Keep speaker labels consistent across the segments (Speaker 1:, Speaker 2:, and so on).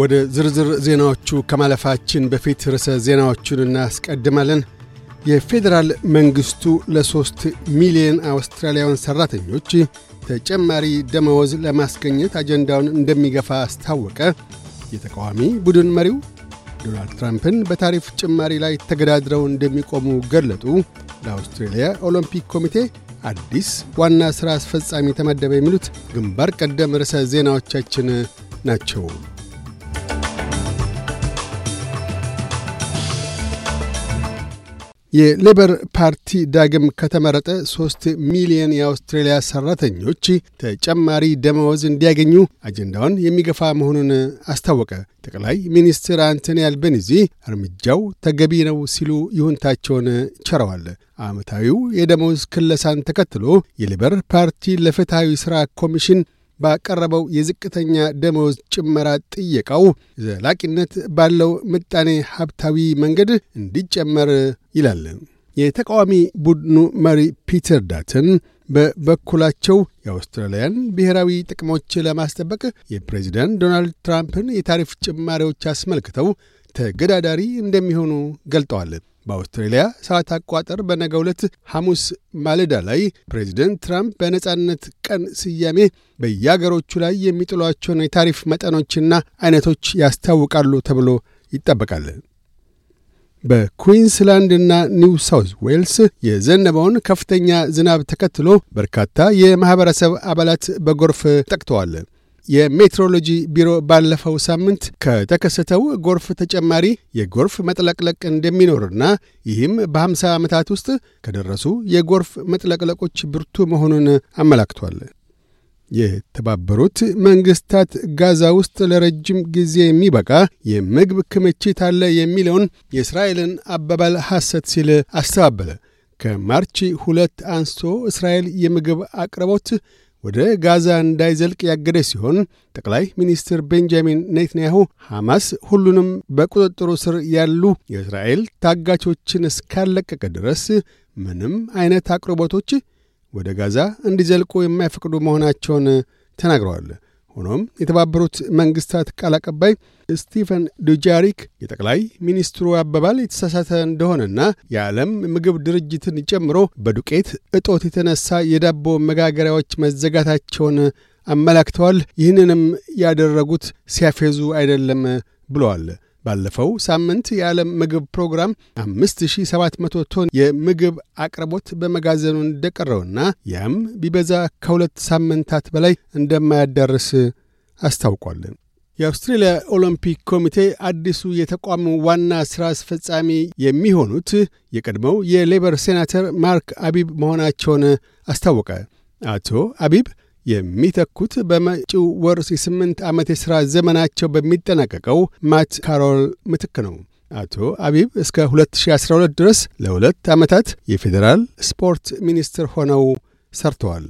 Speaker 1: ወደ ዝርዝር ዜናዎቹ ከማለፋችን በፊት ርዕሰ ዜናዎቹን እናስቀድማለን። የፌዴራል መንግሥቱ ለሦስት ሚሊዮን አውስትራሊያውያን ሠራተኞች ተጨማሪ ደመወዝ ለማስገኘት አጀንዳውን እንደሚገፋ አስታወቀ። የተቃዋሚ ቡድን መሪው ዶናልድ ትራምፕን በታሪፍ ጭማሪ ላይ ተገዳድረው እንደሚቆሙ ገለጡ። ለአውስትሬልያ ኦሎምፒክ ኮሚቴ አዲስ ዋና ሥራ አስፈጻሚ ተመደበ። የሚሉት ግንባር ቀደም ርዕሰ ዜናዎቻችን ናቸው። የሌበር ፓርቲ ዳግም ከተመረጠ ሶስት ሚሊዮን የአውስትሬልያ ሰራተኞች ተጨማሪ ደመወዝ እንዲያገኙ አጀንዳውን የሚገፋ መሆኑን አስታወቀ። ጠቅላይ ሚኒስትር አንቶኒ አልቤኒዚ እርምጃው ተገቢ ነው ሲሉ ይሁንታቸውን ቸረዋል። ዓመታዊው የደመወዝ ክለሳን ተከትሎ የሌበር ፓርቲ ለፍትሐዊ ሥራ ኮሚሽን ባቀረበው የዝቅተኛ ደመወዝ ጭመራ ጥየቃው ዘላቂነት ባለው ምጣኔ ሀብታዊ መንገድ እንዲጨመር ይላል። የተቃዋሚ ቡድኑ መሪ ፒተር ዳትን በበኩላቸው የአውስትራሊያን ብሔራዊ ጥቅሞች ለማስጠበቅ የፕሬዚዳንት ዶናልድ ትራምፕን የታሪፍ ጭማሪዎች አስመልክተው ተገዳዳሪ እንደሚሆኑ ገልጠዋል። በአውስትሬሊያ ሰዓት አቋጠር በነገ ዕለት ሐሙስ ማለዳ ላይ ፕሬዚደንት ትራምፕ በነጻነት ቀን ስያሜ በየአገሮቹ ላይ የሚጥሏቸውን የታሪፍ መጠኖችና አይነቶች ያስታውቃሉ ተብሎ ይጠበቃል። በኩዊንስላንድና ኒው ሳውዝ ዌልስ የዘነበውን ከፍተኛ ዝናብ ተከትሎ በርካታ የማኅበረሰብ አባላት በጎርፍ ጠቅተዋል። የሜትሮሎጂ ቢሮ ባለፈው ሳምንት ከተከሰተው ጎርፍ ተጨማሪ የጎርፍ መጥለቅለቅ እንደሚኖርና ይህም በ50 ዓመታት ውስጥ ከደረሱ የጎርፍ መጥለቅለቆች ብርቱ መሆኑን አመላክቷል። የተባበሩት መንግስታት ጋዛ ውስጥ ለረጅም ጊዜ የሚበቃ የምግብ ክምችት አለ የሚለውን የእስራኤልን አባባል ሐሰት ሲል አስተባበለ። ከማርች ሁለት አንስቶ እስራኤል የምግብ አቅርቦት ወደ ጋዛ እንዳይዘልቅ ያገደ ሲሆን ጠቅላይ ሚኒስትር ቤንጃሚን ኔትንያሁ ሐማስ ሁሉንም በቁጥጥሩ ስር ያሉ የእስራኤል ታጋቾችን እስካለቀቀ ድረስ ምንም አይነት አቅርቦቶች ወደ ጋዛ እንዲዘልቁ የማይፈቅዱ መሆናቸውን ተናግረዋል። ሆኖም የተባበሩት መንግስታት ቃል አቀባይ ስቲፈን ዱጃሪክ የጠቅላይ ሚኒስትሩ አባባል የተሳሳተ እንደሆነና የዓለም ምግብ ድርጅትን ጨምሮ በዱቄት እጦት የተነሳ የዳቦ መጋገሪያዎች መዘጋታቸውን አመላክተዋል። ይህንንም ያደረጉት ሲያፌዙ አይደለም ብለዋል። ባለፈው ሳምንት የዓለም ምግብ ፕሮግራም 5700 ቶን የምግብ አቅርቦት በመጋዘኑ እንደቀረውና ያም ቢበዛ ከሁለት ሳምንታት በላይ እንደማያዳርስ አስታውቋል። የአውስትሬልያ ኦሎምፒክ ኮሚቴ አዲሱ የተቋሙ ዋና ሥራ አስፈጻሚ የሚሆኑት የቀድሞው የሌበር ሴናተር ማርክ አቢብ መሆናቸውን አስታወቀ። አቶ አቢብ የሚተኩት በመጪው ወር የስምንት ዓመት የሥራ ዘመናቸው በሚጠናቀቀው ማት ካሮል ምትክ ነው። አቶ አቢብ እስከ 2012 ድረስ ለሁለት ዓመታት የፌዴራል ስፖርት ሚኒስትር ሆነው ሰርተዋል።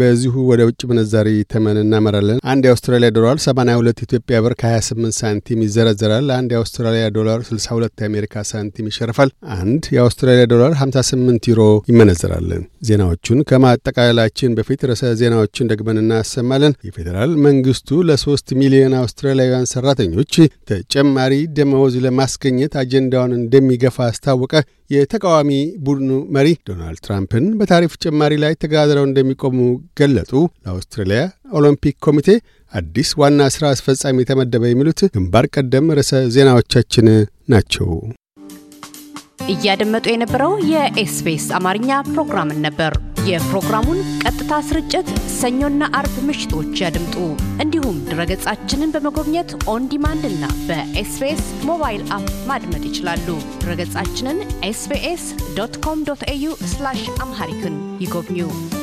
Speaker 1: በዚሁ ወደ ውጭ ምንዛሪ ተመን እናመራለን። አንድ የአውስትራሊያ ዶላር 82 ኢትዮጵያ ብር ከ28 ሳንቲም ይዘረዘራል። አንድ የአውስትራሊያ ዶላር 62 የአሜሪካ ሳንቲም ይሸርፋል። አንድ የአውስትራሊያ ዶላር 58 ዩሮ ይመነዘራል። ዜናዎቹን ከማጠቃለላችን በፊት ርዕሰ ዜናዎችን ደግመን እናሰማለን። የፌዴራል መንግስቱ ለሶስት ሚሊዮን አውስትራሊያውያን ሰራተኞች ተጨማሪ ደመወዝ ለማስገኘት አጀንዳውን እንደሚገፋ አስታወቀ። የተቃዋሚ ቡድኑ መሪ ዶናልድ ትራምፕን በታሪፍ ጭማሪ ላይ ተጋድለው እንደሚቆሙ ገለጡ። ለአውስትራሊያ ኦሎምፒክ ኮሚቴ አዲስ ዋና ሥራ አስፈጻሚ የተመደበ የሚሉት ግንባር ቀደም ርዕሰ ዜናዎቻችን ናቸው። እያደመጡ የነበረው የኤስቢኤስ አማርኛ ፕሮግራምን ነበር። የፕሮግራሙን ቀጥታ ስርጭት ሰኞና አርብ ምሽቶች ያድምጡ። እንዲሁም ድረገጻችንን በመጎብኘት ኦን ዲማንድ እና በኤስቢኤስ ሞባይል አፕ ማድመጥ ይችላሉ። ድረገጻችንን ኤስቢኤስ ዶት ኮም ዶት ኤዩ አምሃሪክን ይጎብኙ።